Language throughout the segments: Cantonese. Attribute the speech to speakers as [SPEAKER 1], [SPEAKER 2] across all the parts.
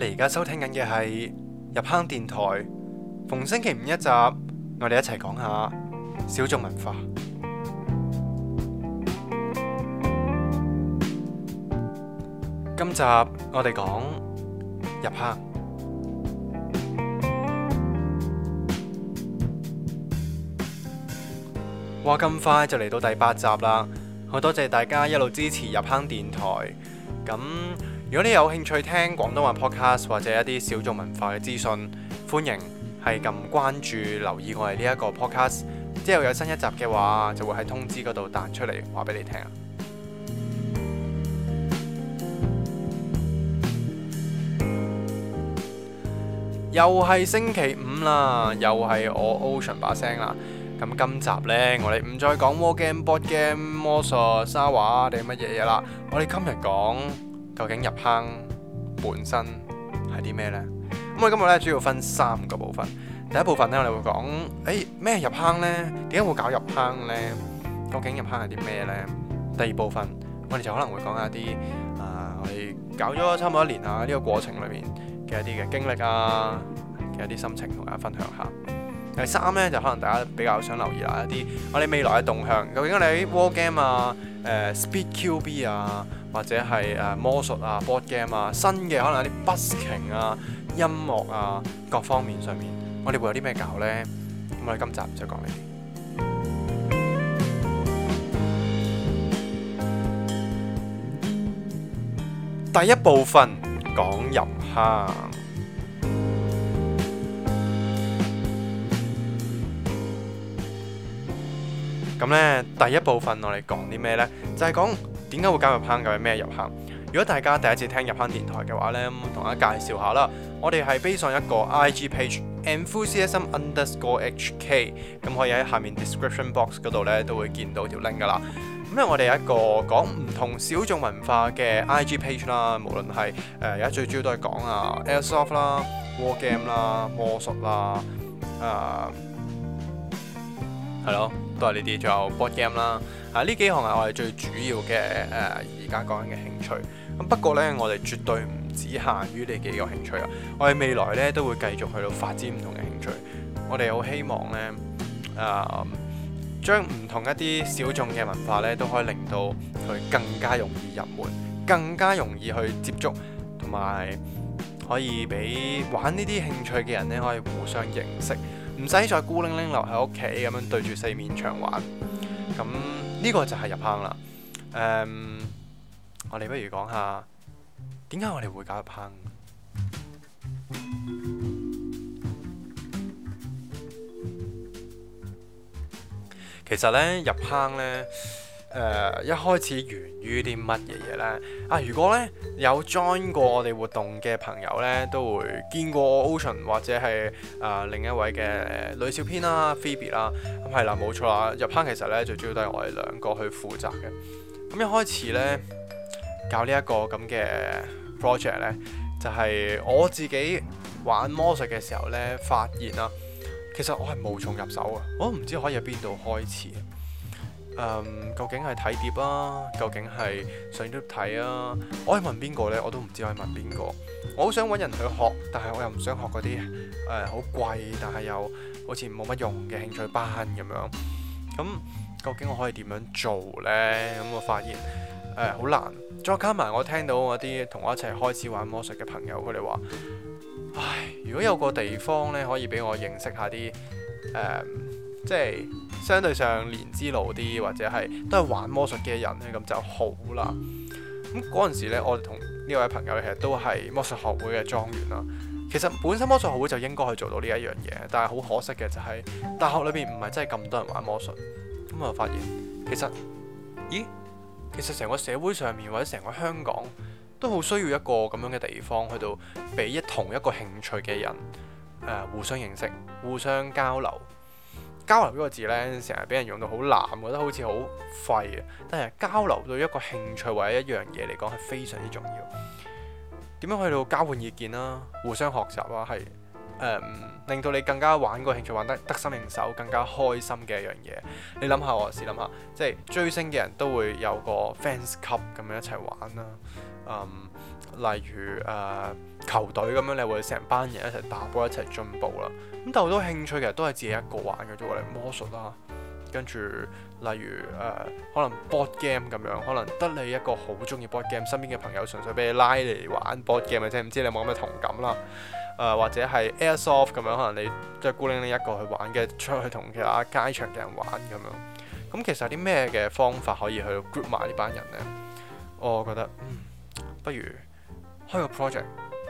[SPEAKER 1] 你而家收聽緊嘅係入坑電台，逢星期五一集，我哋一齊講下小眾文化。今集我哋講入坑。哇！咁快就嚟到第八集啦，好多謝大家一路支持入坑電台，咁～如果你有興趣聽廣東話 podcast 或者一啲小眾文化嘅資訊，歡迎係咁關注、留意我哋呢一個 podcast。之後有新一集嘅話，就會喺通知嗰度彈出嚟話俾你聽。 又係星期五啦，又係我 Ocean 把聲啦。咁今集呢，我哋唔再講 war game、board game、魔術、沙畫定乜嘢嘢啦。我哋今日講。究竟入坑本身係啲咩呢？咁我今日咧，主要分三個部分。第一部分咧，我哋會講，誒咩入坑呢？點解會搞入坑呢？究竟入坑係啲咩呢？第二部分我哋就可能會講下啲啊，我哋搞咗差唔多一年啊，呢個過程裏面嘅一啲嘅經歷啊，嘅一啲心情同大家分享下。第三呢，就可能大家比較想留意下一啲我哋未來嘅動向。究竟我哋喺 War Game 啊、Speed QB 啊。或者係誒、啊、魔術啊、board game 啊、新嘅可能有啲 busking 啊、音樂啊各方面上面，我哋會有啲咩搞呢？咁我哋今集就講呢啲。 第一部分講入坑。咁咧， 第一部分我哋講啲咩呢？就係、是、講。點解會加入坑嘅？咩入坑？如果大家第一次聽入坑電台嘅話呢，咁同大家介紹下啦。我哋係 based on 一個 IG page，enthusiasm underscore hk，n 咁可以喺下面 description box 嗰度呢都會見到條 link 噶啦。咁因為我哋有一個講唔同小眾文化嘅 IG page 啦，無論係誒而家最主要都係講啊 airsoft 啦、war game 啦、魔術啦啊，係咯。都係呢啲，仲有 board game 啦。啊，呢幾項係我哋最主要嘅誒，而家講緊嘅興趣。咁不過呢，我哋絕對唔止限於呢幾個興趣啊！我哋未來呢，都會繼續去到發展唔同嘅興趣。我哋好希望呢，誒、呃，將唔同一啲小眾嘅文化呢，都可以令到佢更加容易入門，更加容易去接觸，同埋可以俾玩呢啲興趣嘅人呢，可以互相認識。唔使再孤零零留喺屋企咁樣對住四面牆玩，咁呢個就係入坑啦。誒，um，我哋不如講下點解我哋會搞入坑。其實咧，入坑咧。誒、呃、一開始源於啲乜嘢嘢呢？啊，如果呢，有 join 過我哋活動嘅朋友呢，都會見過我 Ocean 或者係啊、呃、另一位嘅女小編啦，Phoebe 啦，咁係啦，冇錯啦，入坑其實呢，最主要都係我哋兩個去負責嘅。咁一開始呢，搞呢一個咁嘅 project 呢，就係、是、我自己玩魔術嘅時候呢，發現啦。其實我係無從入手啊，我都唔知可以喺邊度開始。Um, 究竟係睇碟啊？究竟係上 YouTube 睇啊？我可以問邊個呢？我都唔知可以問邊個。我好想揾人去學，但係我又唔想學嗰啲誒好貴，但係又好似冇乜用嘅興趣班咁樣。咁、嗯、究竟我可以點樣做呢？咁、嗯、我發現誒好、呃、難。再加埋我聽到我啲同我一齊開始玩魔術嘅朋友佢哋話：「唉，如果有個地方呢，可以俾我認識一下啲、呃、即係。相對上年紀老啲或者係都係玩魔術嘅人咧，咁就好啦。咁嗰陣時咧，我同呢位朋友其實都係魔術學會嘅莊員啦。其實本身魔術學會就應該去做到呢一樣嘢，但係好可惜嘅就係大學裏邊唔係真係咁多人玩魔術。咁我發現其實，咦，其實成個社會上面或者成個香港都好需要一個咁樣嘅地方，去到俾一同一個興趣嘅人、呃、互相認識、互相交流。交流呢個字呢，成日俾人用到好濫，覺得好似好廢啊！但係交流對一個興趣或者一樣嘢嚟講係非常之重要。點樣去到交換意見啦、啊，互相學習啦、啊，係、嗯、令到你更加玩個興趣玩得得心應手，更加開心嘅一樣嘢。你諗下我試諗下，即係追星嘅人都會有個 fans club 咁樣一齊玩啦、啊，嗯例如誒、呃、球隊咁樣，你會成班人一齊打波，一齊進步啦。咁但好多興趣其實都係自己一個玩嘅啫、啊，例如魔術啦，跟住例如誒可能 board game 咁樣，可能得你一個好中意 board game，身邊嘅朋友純粹俾你拉嚟玩 board game 嘅啫，唔知你有冇咩同感啦。誒、呃、或者係 airsoft 咁樣，可能你即係、就是、孤零零一個去玩嘅，出去同其他街場嘅人玩咁樣。咁其實有啲咩嘅方法可以去 group 埋呢班人呢？我覺得，嗯、不如。開個 project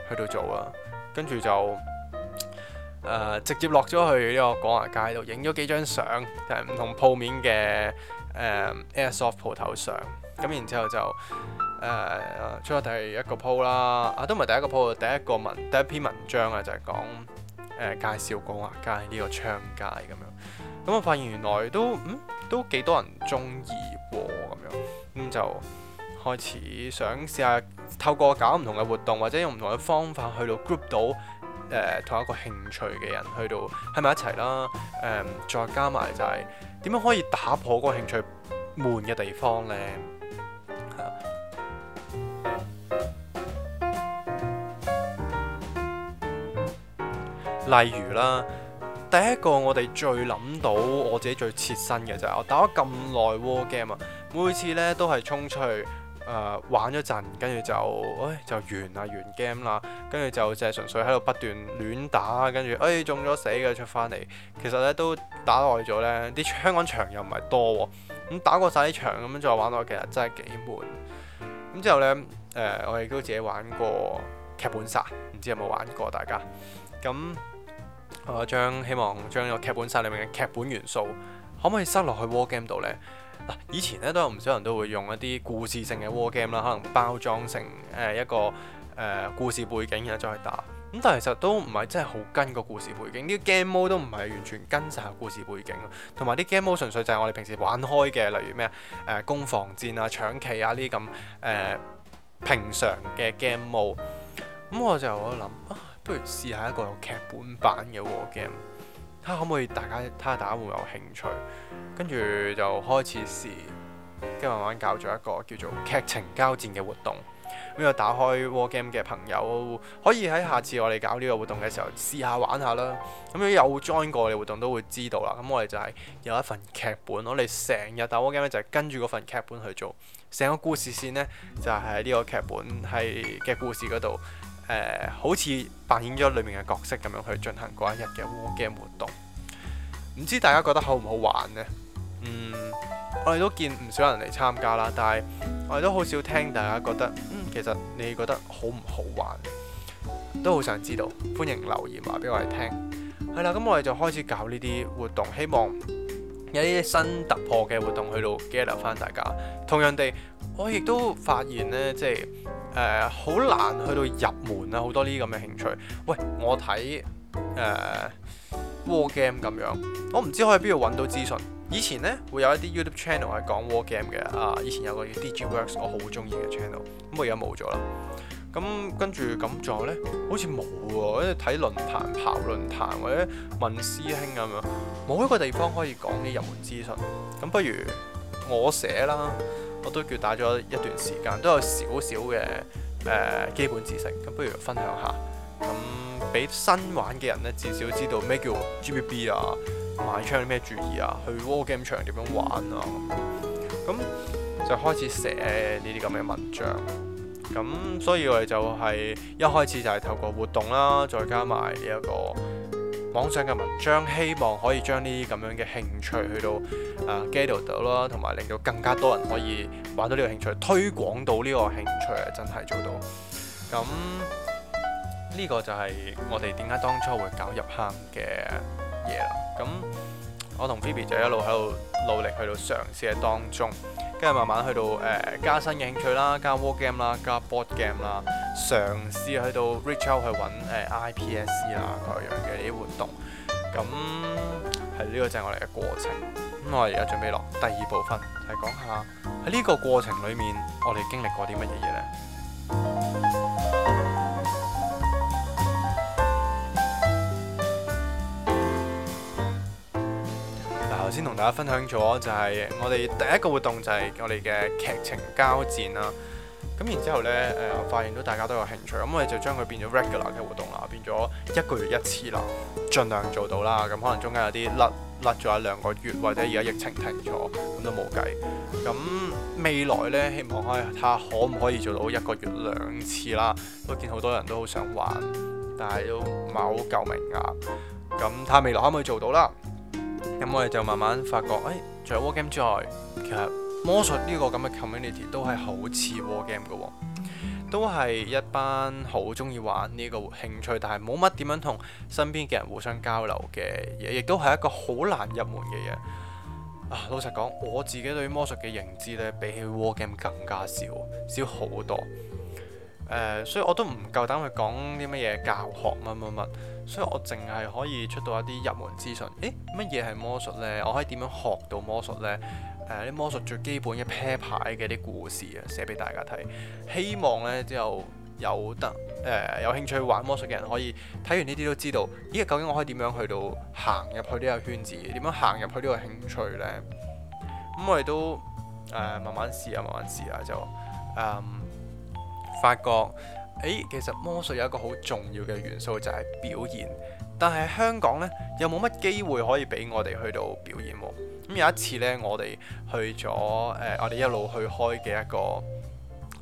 [SPEAKER 1] 去到做、呃去就是呃呃、啊，跟住就誒直接落咗去呢個廣華街度，影咗幾張相，就誒唔同鋪面嘅誒 Airsoft 鋪頭相，咁然之後就誒出咗第一個 po 啦，啊都唔係第一個 po，第一個文第一篇文章啊，就係、是、講誒、呃、介紹廣華街呢個窗街咁樣，咁我發現原來都嗯都幾多人中意喎噉樣，咁、嗯、就開始想試下。透過搞唔同嘅活動，或者用唔同嘅方法去到 group 到誒同、呃、一個興趣嘅人，去到喺埋一齊啦。誒、呃，再加埋就係、是、點樣可以打破嗰個興趣悶嘅地方呢、啊？例如啦，第一個我哋最諗到我自己最切身嘅就係、是、我打咗咁耐 war game 啊，每次呢都係衝出去。誒、呃、玩咗陣，跟住就誒、哎、就完啦，完 game 啦，跟住就淨係純粹喺度不斷亂打，跟住誒中咗死嘅出翻嚟，其實咧都打耐咗咧，啲香港場又唔係多喎，咁、哦、打過晒啲場咁樣再玩落去，其實真係幾悶。咁、嗯、之後咧誒、呃，我哋都自己玩過劇本殺，唔知有冇玩過大家？咁我、呃、將希望將個劇本殺裡面嘅劇本元素，可唔可以塞落去 War Game 度咧？以前咧都有唔少人都會用一啲故事性嘅 war game 啦，可能包裝成誒一個誒、呃、故事背景，然後再打。咁但係其實都唔係真係好跟個故事背景，啲、這個、game mode 都唔係完全跟晒個故事背景。同埋啲 game mode 純粹就係我哋平時玩開嘅，例如咩啊、呃、攻防戰啊、搶旗啊呢啲咁誒平常嘅 game mode、嗯。咁我就喺度諗，不如試下一個有劇本版嘅 war game。睇下、啊、可唔可以大家睇下大家會唔會有興趣，跟住就開始試，跟住慢慢搞咗一個叫做劇情交戰嘅活動。咁有打開 War Game 嘅朋友，可以喺下次我哋搞呢個活動嘅時候試下玩下啦。咁有 join 過我哋活動都會知道啦。咁我哋就係有一份劇本，我哋成日打 War Game 就係跟住嗰份劇本去做，成個故事線呢，就係、是、呢個劇本係嘅故事嗰度。誒、呃，好似扮演咗裏面嘅角色咁樣去進行嗰一日嘅 war game 活動，唔知大家覺得好唔好玩呢？嗯，我哋都見唔少人嚟參加啦，但係我哋都好少聽大家覺得，嗯，其實你覺得好唔好玩？都好想知道，歡迎留言話俾我哋聽。係啦，咁我哋就開始搞呢啲活動，希望有啲新突破嘅活動去到幾留翻大家。同樣地，我亦都發現呢，即係。誒好、呃、難去到入門啊，好多呢啲咁嘅興趣。喂，我睇誒、呃、war game 咁樣，我唔知可以邊度揾到資訊。以前呢會有一啲 YouTube channel 係講 war game 嘅，啊，以前有個叫 DJ Works，我，channel，我好中意嘅 channel，咁我而家冇咗啦。咁跟住咁，仲有咧好似冇喎，跟住睇論壇、跑論壇或者問師兄咁樣，冇一個地方可以講啲入門資訊。咁不如我寫啦。我都叫打咗一段時間，都有少少嘅誒基本知識。咁不如分享下，咁俾新玩嘅人呢，至少知道咩叫 GBB 啊，買槍咩注意啊，去 War Game 場點樣玩啊。咁就開始寫呢啲咁嘅文章。咁所以我哋就係、係、一開始就係透過活動啦，再加埋呢一個。網上嘅文章，希望可以將呢啲咁樣嘅興趣去到誒、呃、gather 到啦，同埋令到更加多人可以玩到呢個興趣，推廣到呢個興趣係真係做到。咁呢、呢個就係我哋點解當初會搞入坑嘅嘢啦。咁我同 Phoebe 就一路喺度努力去到嘗試嘅當中，跟住慢慢去到誒、呃、加新嘅興趣啦，加 war game 啦，加 board game 啦。嘗試去到 reach out 去揾誒、呃、i p s c 啦、啊，各樣嘅啲活動，咁係呢個就係我哋嘅過程。咁我哋而家準備落第二部分，係、就係、講下喺呢個過程裏面，我哋經歷過啲乜嘢嘢呢？嗱，頭先同大家分享咗就係我哋第一個活動就係我哋嘅劇情交戰啦、啊。咁然之後呢，誒、呃，我發現到大家都有興趣，咁我哋就將佢變咗 regular 嘅活動啦，變咗一個月一次啦，盡量做到啦。咁可能中間有啲甩甩咗一兩個月，或者而家疫情停咗，咁都冇計。咁未來呢，希望可以睇下可唔可以做到一個月兩次啦。都見好多人都好想玩，但係都唔係好夠名額。咁睇下未來可唔可以做到啦。咁我哋就慢慢發覺，誒、哎，除咗 War Game 之外，其實～魔術呢個咁嘅 community 都係好似 war game 嘅喎、哦，都係一班好中意玩呢個興趣，但係冇乜點樣同身邊嘅人互相交流嘅嘢，亦都係一個好難入門嘅嘢、啊。老實講，我自己對魔術嘅認知呢，比起 war game 更加少，少好多、呃。所以我都唔夠膽去講啲乜嘢教學乜乜乜，所以我淨係可以出到一啲入門資訊。乜嘢係魔術呢？我可以點樣學到魔術呢？誒、呃、魔術最基本嘅啤牌嘅啲故事啊，寫俾大家睇，希望呢，之後有得誒、呃、有興趣玩魔術嘅人可以睇完呢啲都知道，咦？究竟我可以點樣去到行入去呢個圈子？點樣行入去呢個興趣呢？咁、嗯、我哋都誒慢慢試啊，慢慢試啊，就誒、嗯、發覺誒、欸、其實魔術有一個好重要嘅元素就係、是、表現，但係香港呢，又冇乜機會可以俾我哋去到表演。咁、嗯、有一次呢，我哋去咗誒、呃，我哋一路去開嘅一個誒、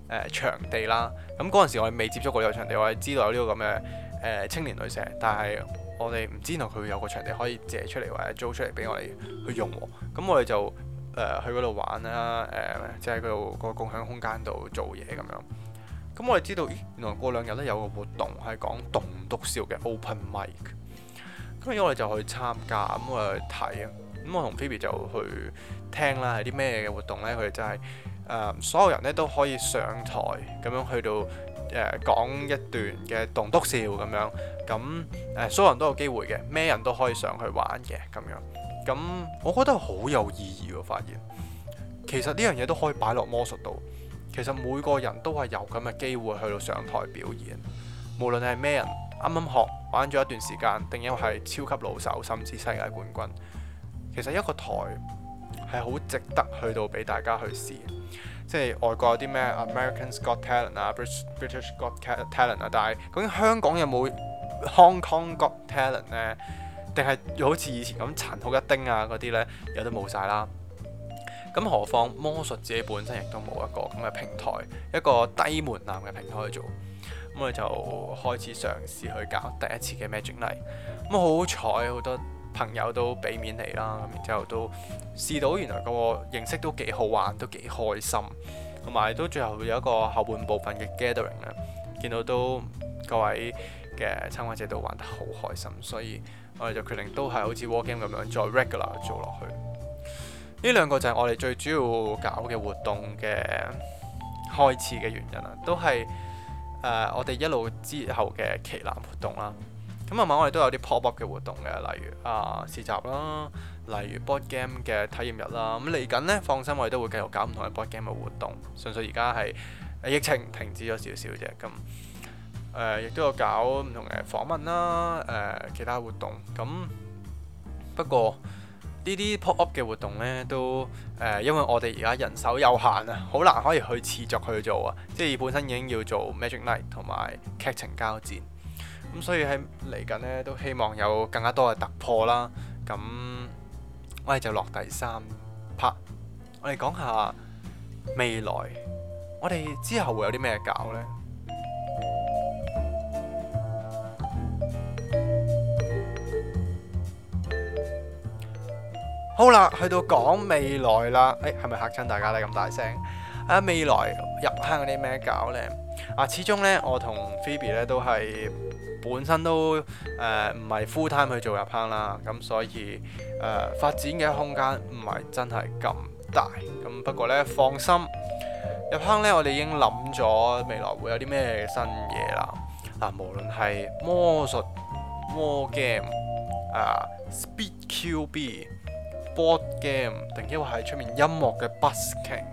[SPEAKER 1] 呃、場地啦。咁嗰陣時，我哋未接觸過呢個場地，我哋知道有呢個咁嘅誒青年旅舍，但係我哋唔知道佢有個場地可以借出嚟或者租出嚟俾我哋去用。咁、嗯、我哋就誒、呃、去嗰度玩啦，誒即係嗰度個共享空間度做嘢咁樣。咁、嗯、我哋知道，原來過兩日咧有個活動係講棟篤笑嘅 open mic。咁、嗯、我哋就去參加，咁、嗯、我哋去睇啊。咁、嗯、我同 Phoebe 就去聽啦，係啲咩嘅活動呢？佢哋真係所有人咧都可以上台咁樣去到誒、呃、講一段嘅棟篤笑咁樣。咁誒、呃，所有人都有機會嘅，咩人都可以上去玩嘅咁樣。咁我覺得好有意義喎。我發現其實呢樣嘢都可以擺落魔術度。其實每個人都係有咁嘅機會去到上台表演，無論你係咩人，啱啱學玩咗一段時間，定因為係超級老手，甚至世界冠軍。其實一個台係好值得去到俾大家去試，即係外國有啲咩 Americans Got Talent 啊、British Got Talent 啊，但係究竟香港有冇 Hong Kong Got Talent 呢？定係又好似以前咁殘酷一叮啊嗰啲呢？都有都冇晒啦。咁何況魔術自己本身亦都冇一個咁嘅平台，一個低門檻嘅平台去做，咁我就開始嘗試去搞第一次嘅 Magic Night 咁好彩好多，朋友都俾面你啦，咁然之後都試到原來個形式都幾好玩，都幾開心，同埋都最後會有一個後半部分嘅 gathering 啦，見到都各位嘅參觀者都玩得好開心，所以我哋就決定都係好似 war game 咁樣再 regular 做落去。呢兩個就係我哋最主要搞嘅活動嘅開始嘅原因啦，都係、呃、我哋一路之後嘅旗艦活動啦。咁啊，晚、嗯、我哋都有啲 pop up 嘅活動嘅，例如啊、呃、市集啦，例如 board game 嘅體驗日啦。咁嚟緊呢，放心，我哋都會繼續搞唔同嘅 board game 嘅活動。純粹而家係疫情停止咗少少啫。咁誒，亦、呃、都有搞唔同嘅訪問啦，誒、呃、其他活動。咁不過呢啲 pop up 嘅活動呢，都誒、呃，因為我哋而家人手有限啊，好難可以去持續去做啊。即係本身已經要做 magic night 同埋劇情交戰。咁所以喺嚟緊呢，都希望有更加多嘅突破啦。咁我哋就落第三 part，我哋講下未來，我哋之後會有啲咩搞呢？好啦，去到講未來啦，誒，係咪吓親大家咧？咁大聲啊！未來入坑嗰啲咩搞呢？啊，始終呢，我同 Phoebe 咧都係。本身都誒唔係 full time 去做入坑啦，咁所以誒、呃、發展嘅空間唔係真係咁大，咁不過呢，放心，入坑呢，我哋已經諗咗未來會有啲咩新嘢啦。嗱、啊，無論係魔術、war game 啊、speed QB、board game，定抑或係出面音樂嘅 busking，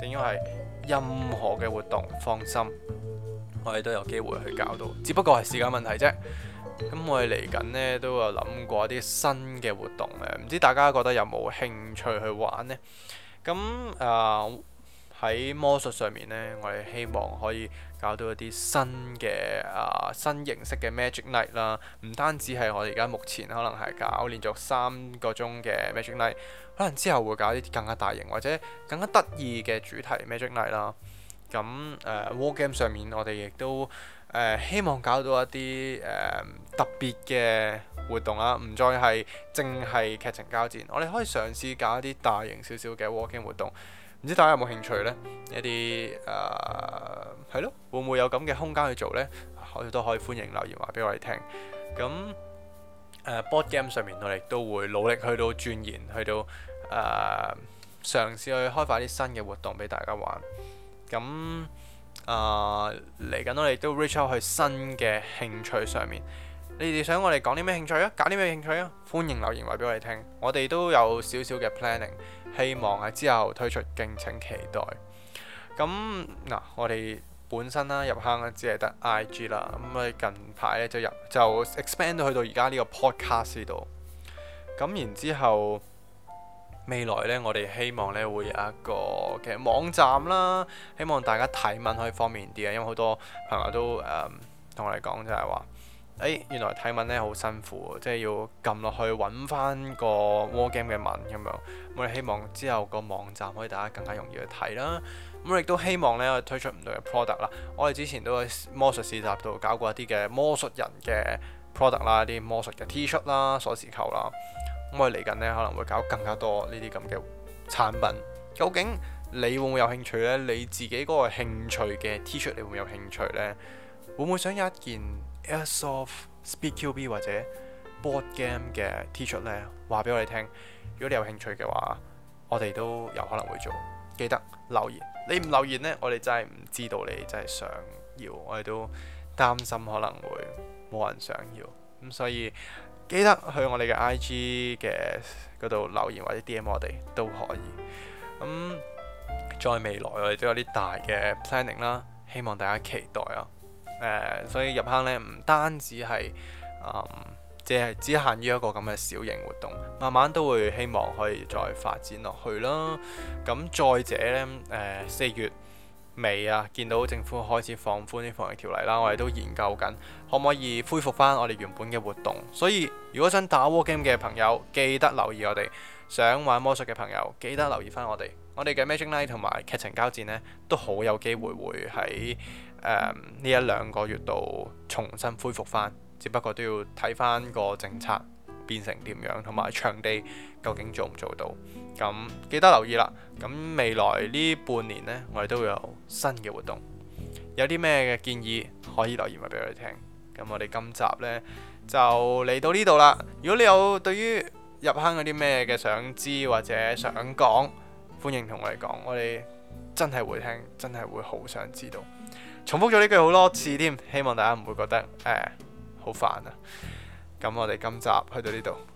[SPEAKER 1] 定抑或係任何嘅活動，放心。我哋都有機會去搞到，只不過係時間問題啫。咁我哋嚟緊呢都有諗過一啲新嘅活動誒，唔知大家覺得有冇興趣去玩呢？咁誒喺魔術上面呢，我哋希望可以搞到一啲新嘅誒、啊、新形式嘅 Magic Night 啦，唔單止係我哋而家目前可能係搞連續三個鐘嘅 Magic Night，可能之後會搞啲更加大型或者更加得意嘅主題 Magic Night 啦。咁誒，war game 上面我哋亦都誒、uh, 希望搞到一啲誒、uh, 特別嘅活動啦、啊，唔再係淨係劇情交戰。我哋可以嘗試搞一啲大型少少嘅 war game 活動，唔知大家有冇興趣呢？一啲誒係咯，會唔會有咁嘅空間去做呢？我哋都可以歡迎留言話俾我哋聽。咁誒、uh，board game 上面我哋都會努力去到鑽研，去到誒、uh, 嘗試去開發啲新嘅活動俾大家玩。咁啊，嚟緊、呃、我哋都 reach out 去新嘅興趣上面，你哋想我哋講啲咩興趣啊？搞啲咩興趣啊？歡迎留言話俾我哋聽，我哋都有少少嘅 planning，希望喺之後推出，敬請期待。咁嗱、啊，我哋本身啦、啊、入坑咧、啊，只係得 IG 啦，咁啊近排咧就入就 expand 到去到而家呢個 podcast 度，咁然之後。未來咧，我哋希望咧會有一個嘅網站啦，希望大家睇文可以方便啲啊，因為好多朋友都誒同、嗯、我哋講就係話，誒、欸、原來睇文咧好辛苦，即係要撳落去揾翻個 Wargame 嘅文咁樣。我哋希望之後個網站可以大家更加容易去睇啦。咁我亦都希望咧推出唔同嘅 product 啦。我哋之前都喺魔術市集度搞過一啲嘅魔術人嘅 product 啦，啲魔術嘅 T-shirt 啦，鎖匙扣啦。咁我哋嚟近緊呢可能會搞更加多呢啲咁嘅產品。究竟你會唔會有興趣呢？你自己嗰個興趣嘅 T 恤，shirt，你會唔會有興趣呢？會唔會想有一件 Airsoft、SpeedQB 或者 Board Game 嘅 T 恤呢？話俾我哋聽。如果你有興趣嘅話，我哋都有可能會做。記得留言。你唔留言呢，我哋真係唔知道你真係想要。我哋都擔心可能會冇人想要。咁所以。記得去我哋嘅 I G 嘅嗰度留言或者 D M 我哋都可以。咁、嗯、在未來我哋都有啲大嘅 planning 啦，希望大家期待啊！誒、呃，所以入坑呢，唔單止係即係只限於一個咁嘅小型活動，慢慢都會希望可以再發展落去啦。咁、嗯、再者呢，誒、呃、四月。未啊，見到政府開始放寬啲防疫條例啦，我哋都研究緊可唔可以恢復翻我哋原本嘅活動。所以如果想打 war game 嘅朋友，記得留意我哋；想玩魔術嘅朋友，記得留意翻我哋。我哋嘅 magic night 同埋劇情交戰呢，都好有機會會喺呢、嗯、一兩個月度重新恢復翻，只不過都要睇翻個政策。變成點樣，同埋場地究竟做唔做到？咁記得留意啦。咁未來呢半年呢，我哋都會有新嘅活動。有啲咩嘅建議可以留言話俾我哋聽。咁我哋今集呢，就嚟到呢度啦。如果你有對於入坑嗰啲咩嘅想知或者想講，歡迎同我哋講。我哋真係會聽，真係會好想知道。重複咗呢句好多次添，希望大家唔會覺得誒好煩啊！咁我哋今集去到呢度。